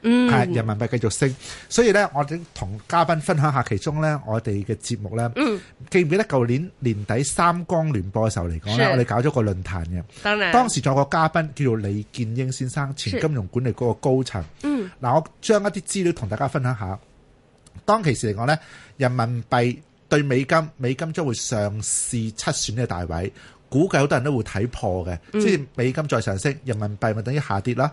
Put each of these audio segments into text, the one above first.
係、嗯、人民幣繼續升，所以咧，我哋同嘉賓分享下其中咧，我哋嘅節目咧，嗯、記唔記得舊年年底三光聯播嘅時候嚟講咧，是我哋搞咗個論壇嘅，當，當時仲有個嘉賓叫做李建英先生，前金融管理嗰個高層。是嗯，嗱，我將一啲資料同大家分享下。當其時嚟講咧，人民幣對美金，美金將會上市七選嘅大位，估計好多人都會睇破嘅，即係、嗯、美金再上升，人民幣咪等於下跌啦。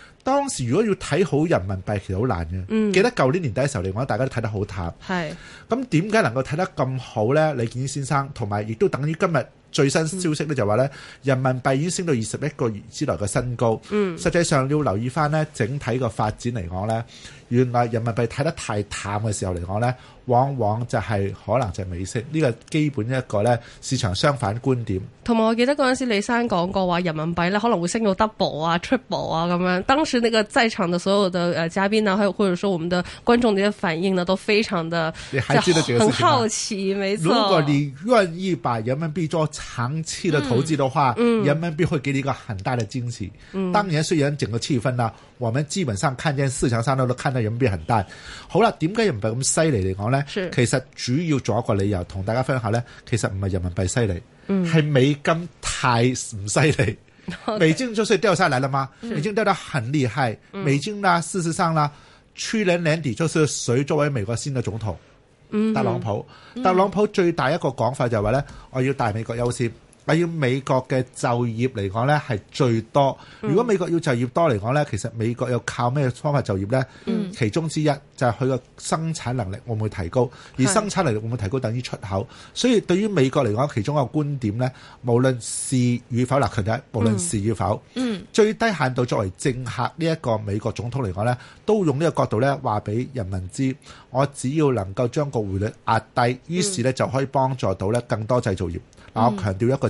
當時如果要睇好人民幣其實好難嘅。嗯、記得舊年年底嘅時候嚟講，大家都睇得好淡。係，咁點解能夠睇得咁好咧？李健先生同埋亦都等於今日。最新消息咧就話咧，人民幣已經升到二十一個月之內嘅新高。嗯、實際上要留意翻咧，整體嘅發展嚟講咧，原來人民幣睇得太淡嘅時候嚟講咧，往往就係、是、可能就係美息呢個基本一個咧市場相反觀點。同埋我記得嗰陣時李生講過話，人民幣咧可能會升到 double 啊、triple 啊咁樣。當時呢個在場嘅所有嘅誒嘉賓啊，或或者說我們嘅觀眾啲反應呢，都非常的就很好奇，好奇沒錯。如果你願意把人民幣做。長期的投資的話，嗯嗯、人民幣會給你一個很大的驚喜。嗯、當然，雖然整個氣氛呢、啊，我們基本上看見市場上都都看到人民幣很大。好啦，點解人民幣咁犀利嚟講呢？是其實主要仲有一個理由同大家分享下呢。其實唔係人民幣犀利，係、嗯、美金太唔犀利。嗯、美金就是掉下來了嗎？是美金掉得很厲害。嗯、美金呢，事實上呢，去年年底就是水，作為美國新嘅總統。特朗普，嗯、哼特朗普最大一個講法就係話咧，我要大美國優先。我要美國嘅就業嚟講咧，係最多。如果美國要就業多嚟講咧，嗯、其實美國又靠咩方法就業咧？嗯、其中之一就係佢個生產能力會唔會提高？嗯、而生產能力會唔會提高，等於出口。是所以對於美國嚟講其中一個觀點咧，無論是與否，嗱，強調，無論是與否，嗯、最低限度作為政客呢一個美國總統嚟講咧，都用呢個角度咧話俾人民知：我只要能夠將個匯率壓低，於是咧就可以幫助到咧更多製造業，嗱、嗯，我強調一個。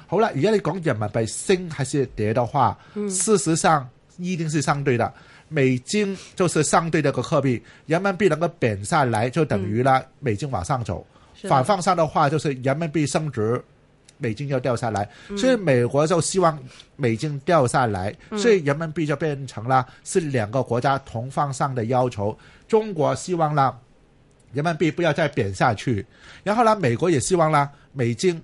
好啦，如果你講人民幣升還是跌的話，事實上一定是相對的。嗯、美金就是相對的個貨幣，人民幣能夠貶下來就等於呢美金往上走，嗯、反方向的話就是人民幣升值，美金要掉下來。是的、所以美國就希望美金掉下來，嗯、所以人民幣就變成了是兩個國家同方向的要求。中國希望呢人民幣不要再貶下去，然後呢美國也希望呢美金。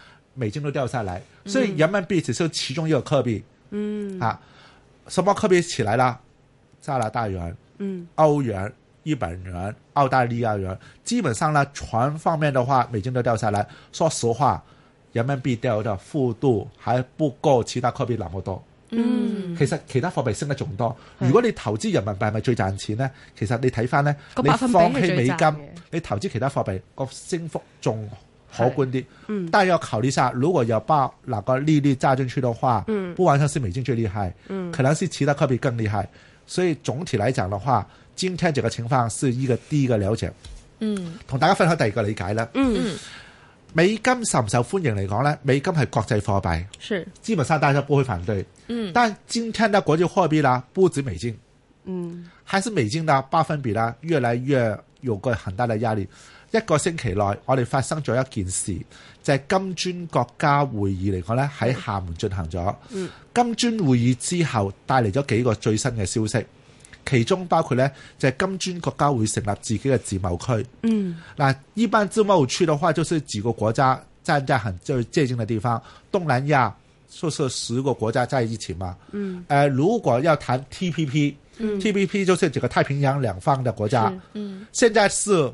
美金都掉下來，所以人民幣只是其中一個貨幣。嗯，啊，什麼貨幣起來了？加拿大元、嗯、歐元、日本元、澳大利亞元，基本上呢全方面的話，美金都掉下來。說實話，人民幣掉嘅幅度還不過其他貨幣那麼多。嗯，其實其他貨幣升得仲多。是如果你投資人民幣係咪最賺錢呢？其實你睇返呢，你放棄美金，你投資其他貨幣個升幅仲可觀啲，嗯、但要考慮一下，如果要把那個利率揸進去嘅話，嗯、不完全是美金最厲害，嗯、可能是其他貨幣更厲害。嗯、所以總體來講的話，今天這個情況是一個第一個了解。嗯，同大家分享第二個理解啦。嗯，美金受唔受歡迎嚟講呢？美金係國際貨幣，是。基本上大家不會反對。嗯，但今天的國際貨幣啦，不止美金，嗯，還是美金的八分比啦，越來越有個很大的壓力。一個星期內，我哋發生咗一件事，就係、是、金磚國家會議嚟講咧，喺廈門進行咗。嗯，金磚會議之後帶嚟咗幾個最新嘅消息，其中包括咧就係、是、金磚國家會成立自己嘅自貿區，嗯，嗱、啊，一般自貿區嘅話，就是幾個國家站在很最接近嘅地方，東南亞就是十個國家在一起嘛。嗯，誒，如果要談 TPP，t p、嗯、TPP 就是幾個太平洋兩方嘅國家。嗯，現在是。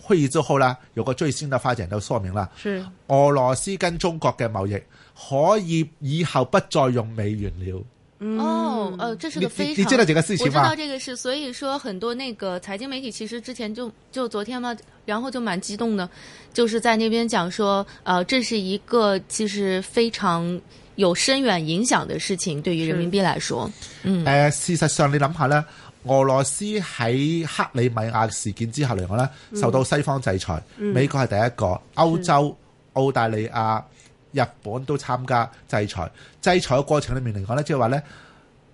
會議之後呢，有個最新的發展都說明了是俄羅斯跟中國嘅貿易可以以後不再用美元了。哦，呃，這是個非常，你知道這個事情嗎？我知道這個事，所以說很多那個財經媒體其實之前就就昨天嘛，然後就蠻激動的，就是在那邊講說，呃，這是一個其實非常有深遠影響的事情，對於人民幣來說。是嗯、呃，事實上你諗下呢。俄羅斯喺克里米亞事件之後嚟講呢受到西方制裁，嗯、美國係第一個，歐洲、嗯、澳大利亞、日本都參加制裁。制裁嘅過程裏面嚟講呢即係話呢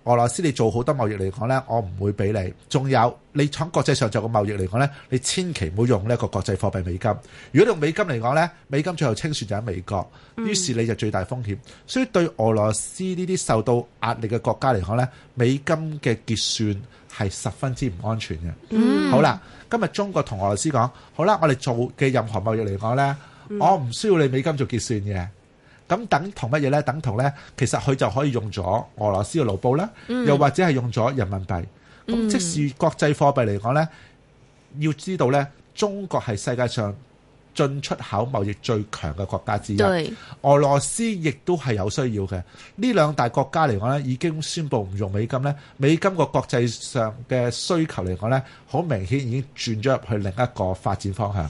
俄羅斯你做好多貿易嚟講呢我唔會俾你。仲有你喺國際上做嘅貿易嚟講呢你千祈唔好用呢個國際貨幣美金。如果你用美金嚟講呢美金最後清算就喺美國，於是你就最大風險。所以對俄羅斯呢啲受到壓力嘅國家嚟講呢美金嘅結算。係十分之唔安全嘅。Mm. 好啦，今日中國同俄羅斯講，好啦，我哋做嘅任何貿易嚟講呢，mm. 我唔需要你美金做結算嘅。咁等同乜嘢呢？等同呢，其實佢就可以用咗俄羅斯嘅盧布啦，又或者係用咗人民幣。咁、mm. 即使國際貨幣嚟講呢，要知道呢，中國係世界上進出口貿易最強嘅國家之一，對俄羅斯亦都係有需要嘅。呢兩大國家嚟講咧，已經宣布唔用美金咧，美金個國際上嘅需求嚟講咧，好明顯已經轉咗入去另一個發展方向。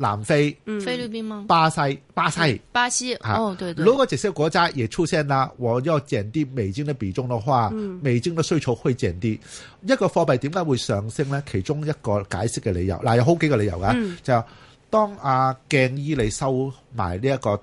南非、嗯、菲律賓嗎？巴西、巴西、巴西，啊、巴西。哦，對對。如果這些國家亦出現啦，我要減啲美金嘅比重嘅話，美金嘅需求會減啲。一個貨幣點解會上升咧？其中一個解釋嘅理由，嗱、呃，有好幾個理由㗎，嗯、就當阿鏡依你收埋呢、這、一個。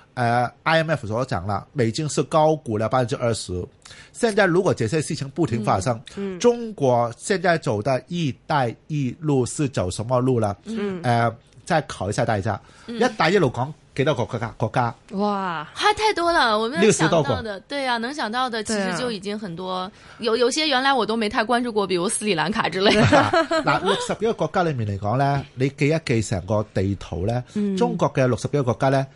呃，IMF 所講啦，美金是高估了百分之二十。現在如果這些事情不停發生，嗯嗯、中國現在走的“一帶一路”是走什麼路啦？嗯、呃再考一下大家，“一帶一路”講幾多個國、嗯、國家？國家哇，太太多了，我冇想到的。對啊，能想到的其實就已經很多。有有些原來我都沒太關注過，比如斯里蘭卡之類的。六十幾個國家裏面嚟講呢，你記一記成個地圖呢，中國嘅六十幾個國家呢。嗯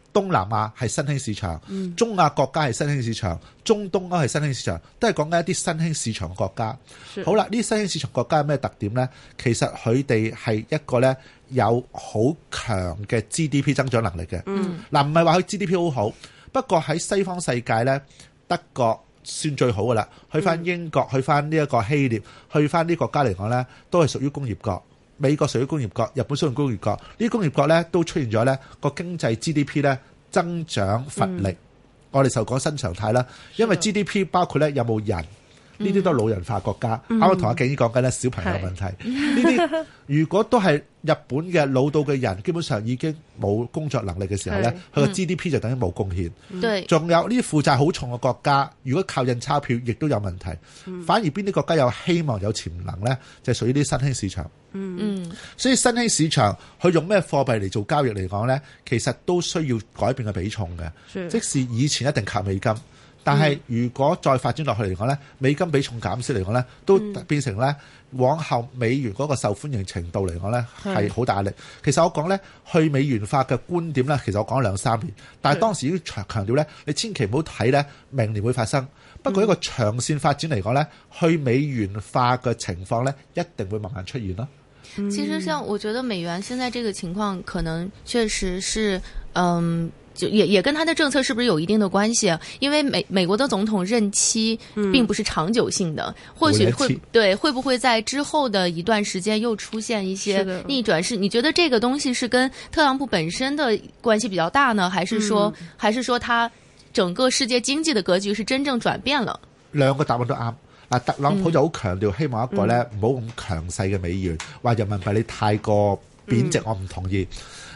東南亞係新興市場，嗯、中亞國家係新興市場，中東都係新興市場，都係講緊一啲新興市場國家。是好啦，呢啲新興市場國家有咩特點呢？其實佢哋係一個呢有好強嘅 GDP 增長能力嘅。嗱、嗯，唔係話佢 GDP 好好，不過喺西方世界呢，德國算最好噶啦。去翻英國，去翻呢一個希臘，去翻啲國家嚟講呢，都係屬於工業國。美國屬於工業國，日本屬於工業國，呢啲工業國咧都出現咗咧個經濟 GDP 咧增長乏力，嗯、我哋就講新常態啦，因為 GDP 包括咧有冇人。呢啲、嗯、都係老人化國家，啱啱同阿景姨講緊咧小朋友問題。呢啲是如果都係日本嘅老到嘅人，基本上已經冇工作能力嘅時候咧，佢個 GDP 就等於冇貢獻。仲對有呢啲負債好重嘅國家，如果靠印鈔票，亦都有問題。嗯、反而邊啲國家有希望有潛能咧？就係、是、屬於啲新興市場。嗯嗯，所以新興市場佢用咩貨幣嚟做交易嚟講咧，其實都需要改變個比重嘅。是即使以前一定靠美金。但係如果再發展落去嚟講呢美金比重減少嚟講呢都變成呢往後美元嗰個受歡迎程度嚟講呢係好大壓力是其。其實我講呢去美元化嘅觀點呢其實我講兩三年，是但係當時已經強調呢，你千祈唔好睇呢明年會發生。不過一個長線發展嚟講呢去美元化嘅情況呢一定會慢慢出現咯。其實，像我覺得美元現在這個情況，可能確實是嗯。就也也跟他的政策是不是有一定的關係，啊？因為美美國的總統任期並不是長久性的，嗯、或許會，會對會不會在之後的一段時間又出現一些逆轉？是的你覺得這個東西是跟特朗普本身的關係比較大呢，還是說，嗯、還是說他整個世界經濟的格局是真正轉變了？兩個答案都啱。特朗普就好強調希望一個呢唔好咁強勢嘅美元，話人民幣你太過貶值，嗯、我唔同意。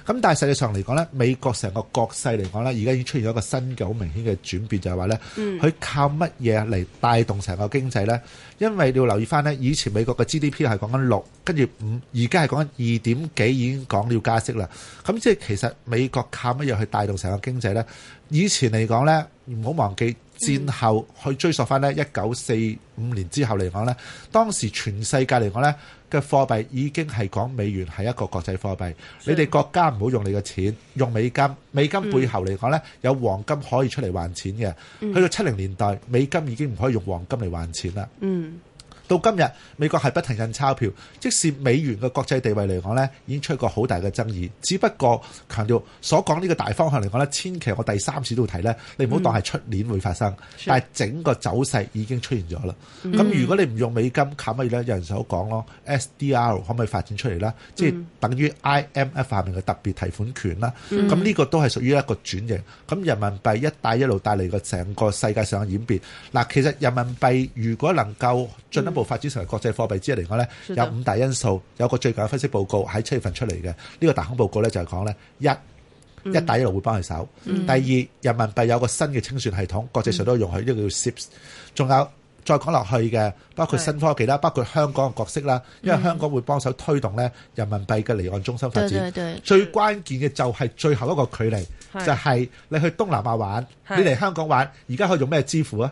咁但係實際上嚟講咧，美國成個國勢嚟講咧，而家已經出現咗一個新嘅好明顯嘅轉變，就係話咧，佢靠乜嘢嚟帶動成個經濟咧？因為你要留意返咧，以前美國嘅 GDP 係講緊六，跟住五，而家係講緊二點幾已經講要加息啦。咁即係其實美國靠乜嘢去帶動成個經濟咧？以前嚟講咧，唔好忘記。戰後去追溯翻呢，一九四五年之後嚟講呢，當時全世界嚟講呢，嘅貨幣已經係講美元係一個國際貨幣。你哋國家唔好用你嘅錢，用美金。美金背後嚟講呢，嗯、有黃金可以出嚟還錢嘅。去到七零年代，美金已經唔可以用黃金嚟還錢啦。嗯到今日，美國係不停印鈔票，即使美元嘅國際地位嚟講呢，已經出過好大嘅爭議。只不過強調所講呢個大方向嚟講呢，千祈我第三次都提呢，你唔好當係出年會發生，嗯、但整個走勢已經出現咗啦。咁、嗯嗯、如果你唔用美金，靠乜嘢呢？有人所講咯，SDR 可唔可以發展出嚟啦？即係等於 IMF 下面嘅特別提款權啦。咁呢、嗯嗯、個都係屬於一個轉型。咁人民幣一帶一路帶嚟嘅整個世界上嘅演變。嗱，其實人民幣如果能夠進、嗯部發展成為國際貨幣之一嚟講呢，有五大因素，有個最近嘅分析報告喺七月份出嚟嘅。呢個大空報告呢就係講呢，一一帶一路會幫佢手；第二，人民幣有個新嘅清算系統，國際上都用起，呢個叫 SIPS。仲有再講落去嘅，包括新科技啦，包括香港嘅角色啦，因為香港會幫手推動呢人民幣嘅離岸中心發展。對對對，最關鍵嘅就係最後一個距離，就係你去東南亞玩，你嚟香港玩，而家可以用咩支付啊？